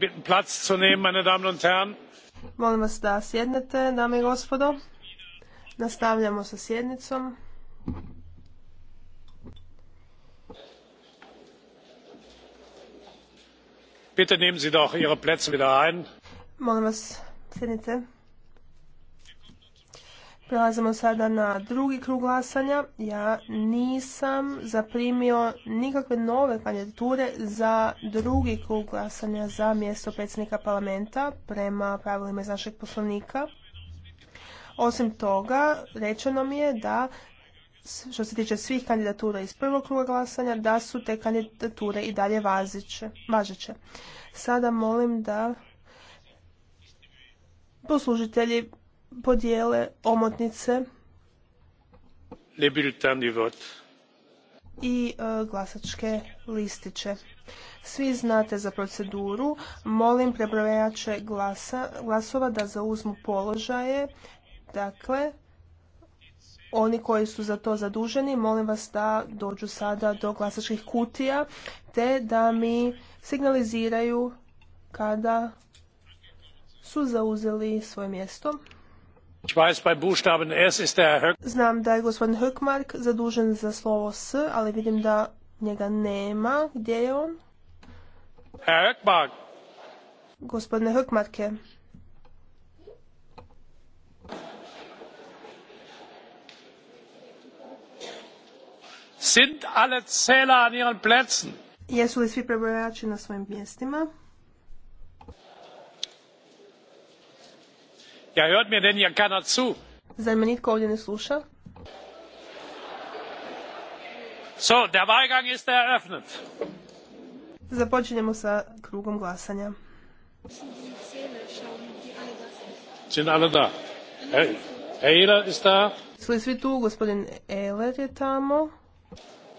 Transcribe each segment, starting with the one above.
bitten Platz Molim vas da sjednete, dame i gospodo. Nastavljamo sa sjednicom. Bitte nehmen Molim vas, sjednite. Prelazimo sada na drugi krug glasanja. Ja nisam zaprimio nikakve nove kandidature za drugi krug glasanja za mjesto predsjednika parlamenta prema pravilima iz našeg poslovnika. Osim toga, rečeno mi je da što se tiče svih kandidatura iz prvog kruga glasanja, da su te kandidature i dalje važeće. Sada molim da poslužitelji podijele omotnice i e, glasačke listiće. Svi znate za proceduru. Molim prebrojače glasova da zauzmu položaje. Dakle, oni koji su za to zaduženi, molim vas da dođu sada do glasačkih kutija te da mi signaliziraju kada su zauzeli svoje mjesto. Znam da je gospodin Hökmark zadužen za slovo S, ali vidim da njega nema. Gdje je on? Gospodine Hökmarke. Sind alle Zähler an ihren Plätzen? Jesu li svi prebrojači na svojim mjestima? Ja hört mir denn Zar me nitko ovdje ne sluša? So, Započinjemo sa krugom glasanja. Sind da? svi tu? Gospodin Eiler je tamo.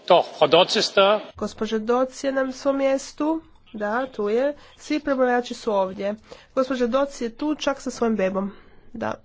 To, Frau Doc ist Gospođa je na svom mjestu. Da, tu je. Svi prebrojači su ovdje. Gospođa Doc je tu čak sa svojim bebom. Da.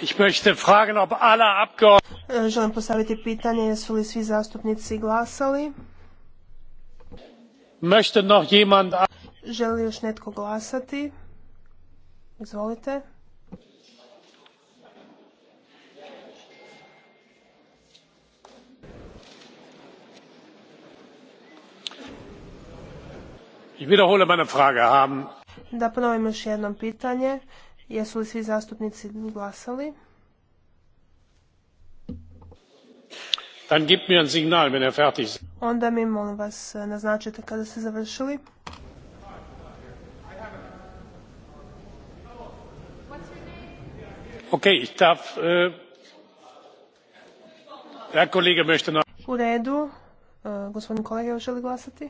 Ich möchte e, Želim postaviti pitanje, jesu li svi zastupnici glasali? Želi li još netko glasati? Izvolite. wiederhole meine Frage. Haben... Da ponovim još jedno pitanje. Jesu li svi zastupnici glasali? Signal, wenn er Onda mi molim vas naznačite kada ste završili. Äh, U redu, äh, gospodin kolega želi glasati.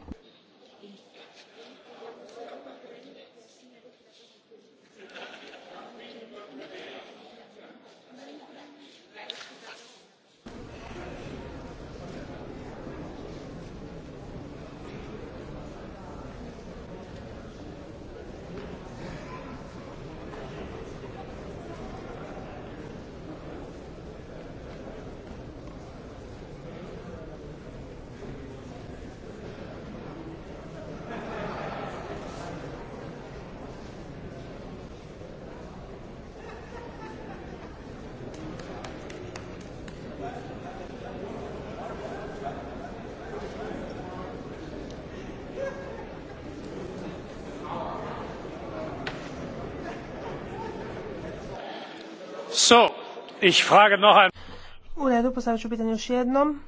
U redu, postavit ću pitanje još jednom.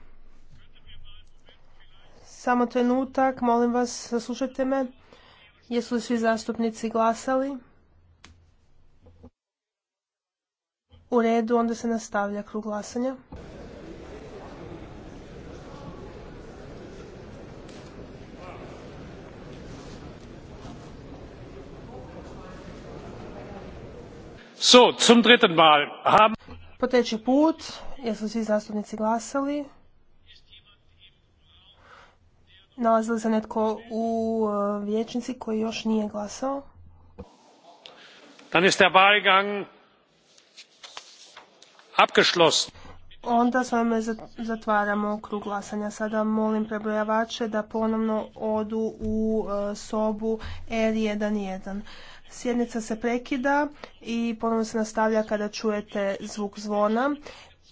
Samo trenutak, molim vas, saslušajte me. Jesu li svi zastupnici glasali? U redu, onda se nastavlja krug glasanja. Po treći put, jesu svi zastupnici glasali? Nalazili se netko u e, vječnici koji još nije glasao? dan Onda s vama zatvaramo krug glasanja. Sada molim prebrojavače da ponovno odu u e, sobu R11. Sjednica se prekida i ponovno se nastavlja kada čujete zvuk zvona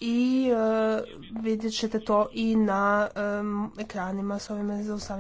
i e, vidjet ćete to i na e, ekranima s ovime